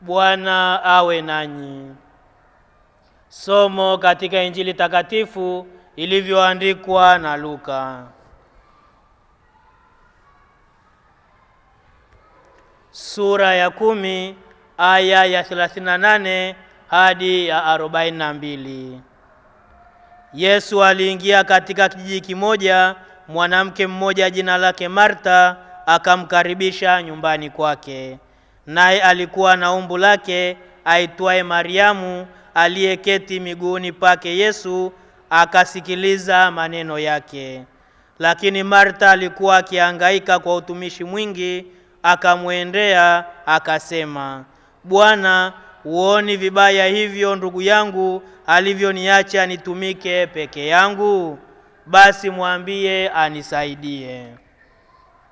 Bwana awe nanyi. Somo katika Injili takatifu ilivyoandikwa na Luka. Sura ya kumi aya ya 38 hadi ya 42. Yesu aliingia katika kijiji kimoja, mwanamke mmoja jina lake Martha akamkaribisha nyumbani kwake naye alikuwa na umbu lake aitwaye Mariamu, aliyeketi miguuni pake Yesu, akasikiliza maneno yake. Lakini Martha alikuwa akihangaika kwa utumishi mwingi, akamwendea akasema, Bwana, huoni vibaya hivyo ndugu yangu alivyoniacha nitumike peke yangu? Basi mwambie anisaidie.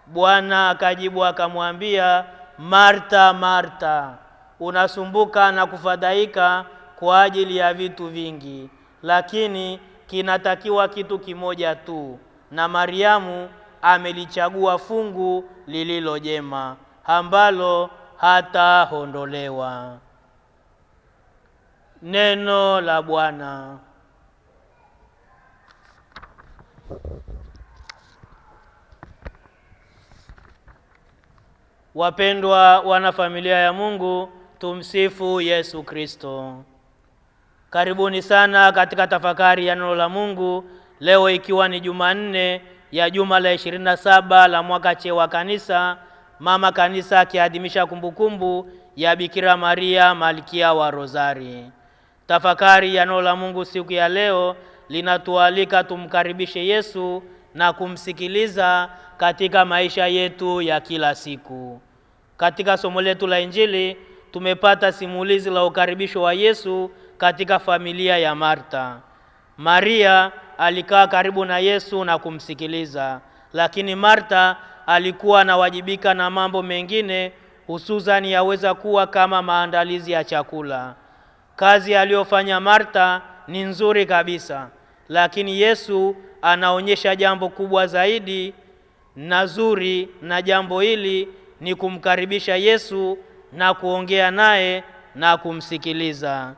Bwana akajibu akamwambia Marta, Marta, unasumbuka na kufadhaika kwa ajili ya vitu vingi, lakini kinatakiwa kitu kimoja tu, na Mariamu amelichagua fungu lililo jema ambalo hataondolewa. Neno la Bwana. Wapendwa wana familia ya Mungu, tumsifu Yesu Kristo. Karibuni sana katika tafakari ya neno la Mungu leo, ikiwa ni Jumanne ya juma la 27 la mwaka C wa Kanisa, mama Kanisa akiadhimisha kumbukumbu ya Bikira Maria malkia wa Rozari. Tafakari ya neno la Mungu siku ya leo linatualika tumkaribishe Yesu na kumsikiliza katika maisha yetu ya kila siku. Katika somo letu la Injili tumepata simulizi la ukaribisho wa Yesu katika familia ya Martha. Maria alikaa karibu na Yesu na kumsikiliza, lakini Martha alikuwa anawajibika na mambo mengine, hususani yaweza kuwa kama maandalizi ya chakula. Kazi aliyofanya Martha ni nzuri kabisa, lakini Yesu anaonyesha jambo kubwa zaidi na zuri, na jambo hili ni kumkaribisha Yesu na kuongea naye na kumsikiliza.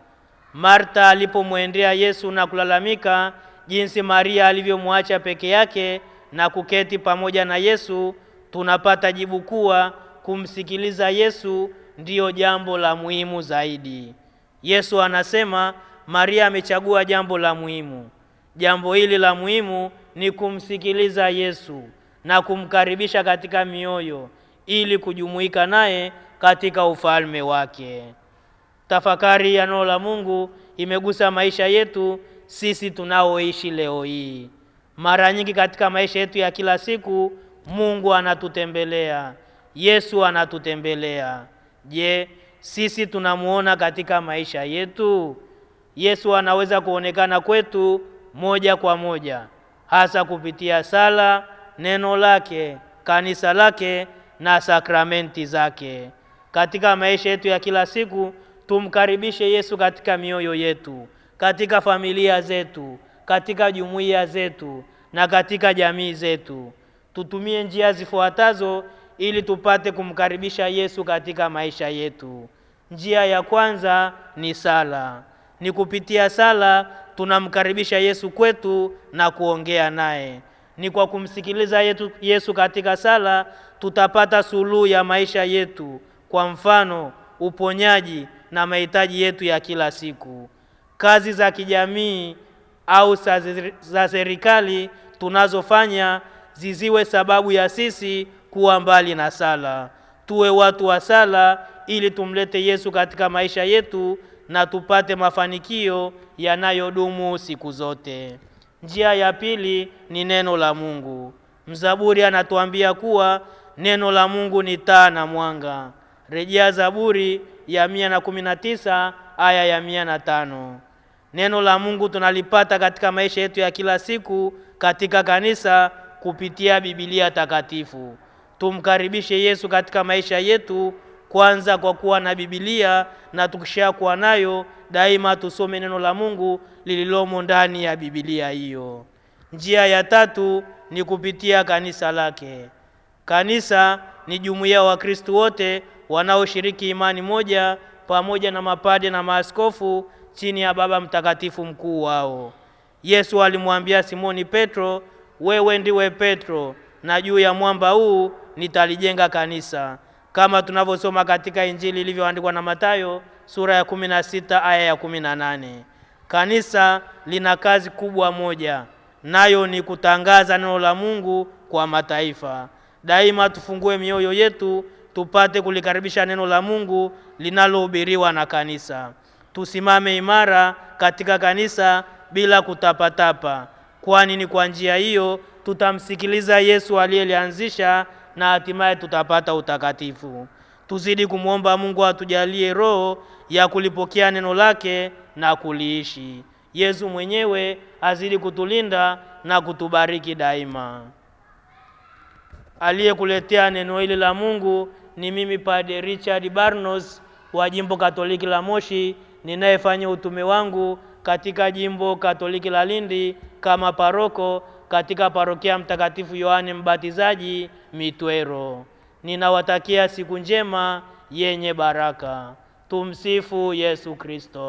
Martha alipomwendea Yesu na kulalamika jinsi Maria alivyomwacha peke yake na kuketi pamoja na Yesu, tunapata jibu kuwa kumsikiliza Yesu ndiyo jambo la muhimu zaidi. Yesu anasema Maria amechagua jambo la muhimu. Jambo hili la muhimu ni kumsikiliza Yesu na kumkaribisha katika mioyo ili kujumuika naye katika ufalme wake. Tafakari ya neno la Mungu imegusa maisha yetu sisi tunaoishi leo hii. Mara nyingi katika maisha yetu ya kila siku, Mungu anatutembelea, Yesu anatutembelea. Je, sisi tunamuona katika maisha yetu? Yesu anaweza kuonekana kwetu moja kwa moja, hasa kupitia sala, neno lake, kanisa lake na sakramenti zake. Katika maisha yetu ya kila siku tumkaribishe Yesu katika mioyo yetu, katika familia zetu, katika jumuiya zetu na katika jamii zetu. Tutumie njia zifuatazo ili tupate kumkaribisha Yesu katika maisha yetu. Njia ya kwanza ni sala. Ni kupitia sala tunamkaribisha Yesu kwetu na kuongea naye ni kwa kumsikiliza yetu Yesu katika sala tutapata suluhu ya maisha yetu, kwa mfano uponyaji na mahitaji yetu ya kila siku. Kazi za kijamii au za serikali tunazofanya ziziwe sababu ya sisi kuwa mbali na sala. Tuwe watu wa sala ili tumlete Yesu katika maisha yetu na tupate mafanikio yanayodumu siku zote. Njia ya pili ni neno la Mungu. Mzaburi anatuambia kuwa neno la Mungu ni taa na mwanga. Rejea Zaburi ya 119 aya ya 105. Neno la Mungu tunalipata katika maisha yetu ya kila siku katika kanisa kupitia Biblia takatifu. Tumkaribishe Yesu katika maisha yetu kwanza kwa kuwa na Biblia, na tukishakuwa nayo daima tusome neno la Mungu lililomo ndani ya Biblia hiyo. Njia ya tatu ni kupitia kanisa lake. Kanisa ni jumuiya wa Kristo wote wanaoshiriki imani moja pamoja na mapade na maaskofu chini ya Baba Mtakatifu mkuu wao. Yesu alimwambia Simoni Petro, wewe ndiwe Petro na juu ya mwamba huu nitalijenga kanisa kama tunavyosoma katika Injili ilivyoandikwa na Mathayo sura ya kumi na sita aya ya kumi na nane. Kanisa lina kazi kubwa moja, nayo ni kutangaza neno la Mungu kwa mataifa. Daima tufungue mioyo yetu tupate kulikaribisha neno la Mungu linalohubiriwa na kanisa. Tusimame imara katika kanisa bila kutapatapa, kwani ni kwa njia hiyo tutamsikiliza Yesu aliyelianzisha na hatimaye tutapata utakatifu. Tuzidi kumwomba Mungu atujalie roho ya kulipokea neno lake na kuliishi. Yesu mwenyewe azidi kutulinda na kutubariki daima. Aliyekuletea neno hili la Mungu ni mimi Padre Richard Barnos wa Jimbo Katoliki la Moshi ninayefanya utume wangu katika Jimbo Katoliki la Lindi kama paroko katika parokia Mtakatifu Yohane Mbatizaji Mitwero. Ninawatakia siku njema yenye baraka. Tumsifu Yesu Kristo.